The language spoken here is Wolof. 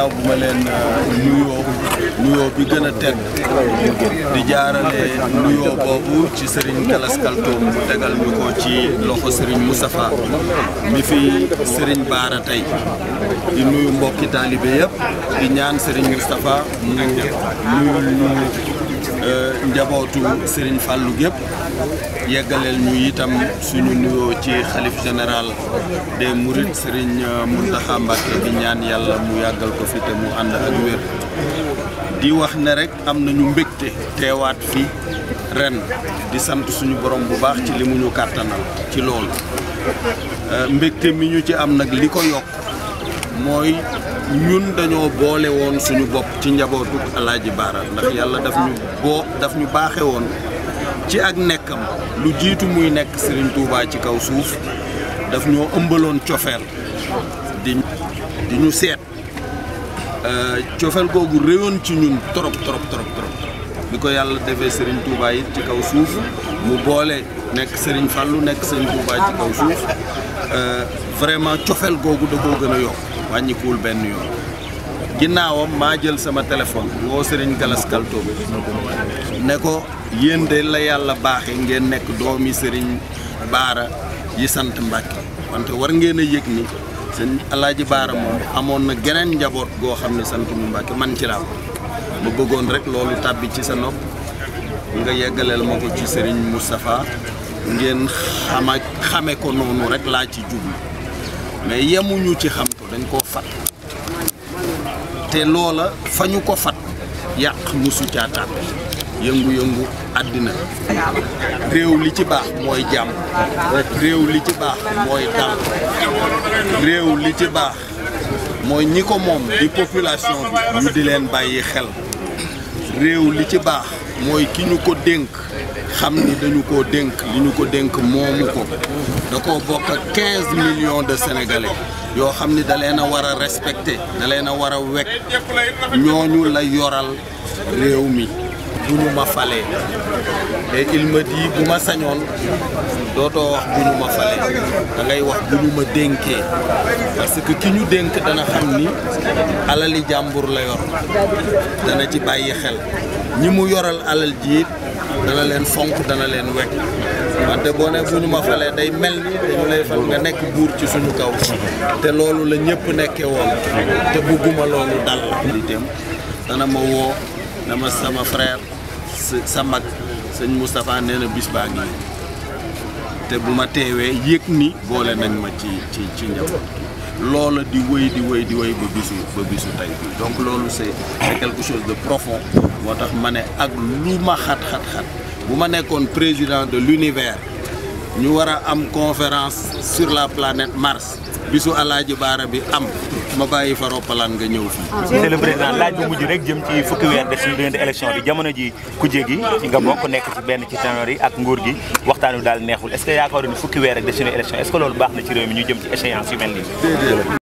gannaaw bu ma leen euh, nuyoo bi gën a teg di jaarale nuyoo boobu ci Serigne Gallas Kaltoum mu tegal ñu ko ci loxo Serigne Moustapha mi fi Serigne Baara tey di nuyu mbokki taalibe yëpp di ñaan Serigne Moustapha mu nuyul ñu njabootu sëriñ Fallou gépp yeggaleel ñu itam suñu nuyoo ci xalif général des Mourides Serigne euh, Mountakha di ñaan yàlla mu yàggal ko fi te mu ànd ak wér di wax ne rekk am na ñu mbégte teewaat fi ren di sant suñu borom bu baax ci li mu ñu kàttanal ci loolu euh, mbégte mi ñu ci am nag li ko yokk mooy ñun dañoo boole woon suñu bopp ci njabootu Alaaji Baara ndax yàlla daf ñu boo daf ñu baaxe woon ci ak nekkam lu jiitu muy nekk Serigne Touba ci kaw suuf daf ñoo ëmbaloon cofeel di di ñu seet euh, cofeel googu réyoon ci ñun trop trop trop bi ko yàlla defee Serigne Touba it ci kaw suuf mu boole nekk Serigne Fallou nekk Serigne Touba ci kaw suuf euh, vraiment cofeel googu da koo gën a yokk wàññikuwul benn yoon ginnaawam maa jël sama téléphone woo Serigne Galas Kaltoum ne ko yéen de la yàlla baaxe ngeen nekk doomi sëriñ Baara yi sant Mbàkke wante war ngeen a yëg ni sëñ Alaaji Baara moom amoon na geneen njaboot goo xam ne sant mu Mbàkke man ci laa ma bëggoon rek loolu tàbbi ci sa nopp nga yeggaleel ma ko ci Serigne Moustapha ngeen xama xame ko noonu rek laa ci jublu mais yemuñu ci xam ko dañ koo fat te loola fa ñu ko fat yàq musu caa tàbbi yëngu-yëngu àddina réew li ci baax mooy jàmm réew li ci baax mooy li ci baax ñi ko moom di population bi ñu di leen bàyyi xel réew li ci baax mooy ki ñu ko dénk xam ni dañu ko dénk li ñu ko dénk moomu ko da ko bokk ak de sénégalais yoo xam ni da leen a war a respecté da leen a war a wekk ñooñu la yoral réew mi bu ñu ma falee et il me bu ma sañoon dootoo wax bu ñu ma falee da wax bu ñu ma dénkee parce que ki ñu dénk dana xam ni alali jàmbur la yor dana ci bàyyi xel ñi mu yoral alal ji dana leen fonk dana leen wekk wante boo ne bu ñu ma falee day mel ni dañu lay fal nga nekk buur ci suñu kaw te loolu la ñépp nekkee woon te bëgguma loolu dal la dana ma woo dama sama frère sa mag sëñ Moustapha nee na bis baa ngi te bu ma teewee yëg ni boole nañ ma ci ci ci njaboot loola di wëy di wëy di wëy ba bisu ba bisu tey bi donc loolu c'est c'est quelque chose de profond moo tax ma ne ak lu ma xat xat xat bu ma nekkoon président de l'univers ñu war a am conférence sur la planète Mars bisu Alaaji Baara bi am ma bàyyi fa roppalaan nga ñëw fii. Ah. monsieur le président laaj bu mujj rek jëm ci fukki weer def suñu diggante élection bi jamono ji kuje gi nga bokk nekk ci benn ci ténor yi ak nguur gi waxtaan wi daal neexul est ce que yaakaaroon fukki weer rek def suñu élection est loolu baax na ci réew mi ñu jëm ci échéance yu mel nii.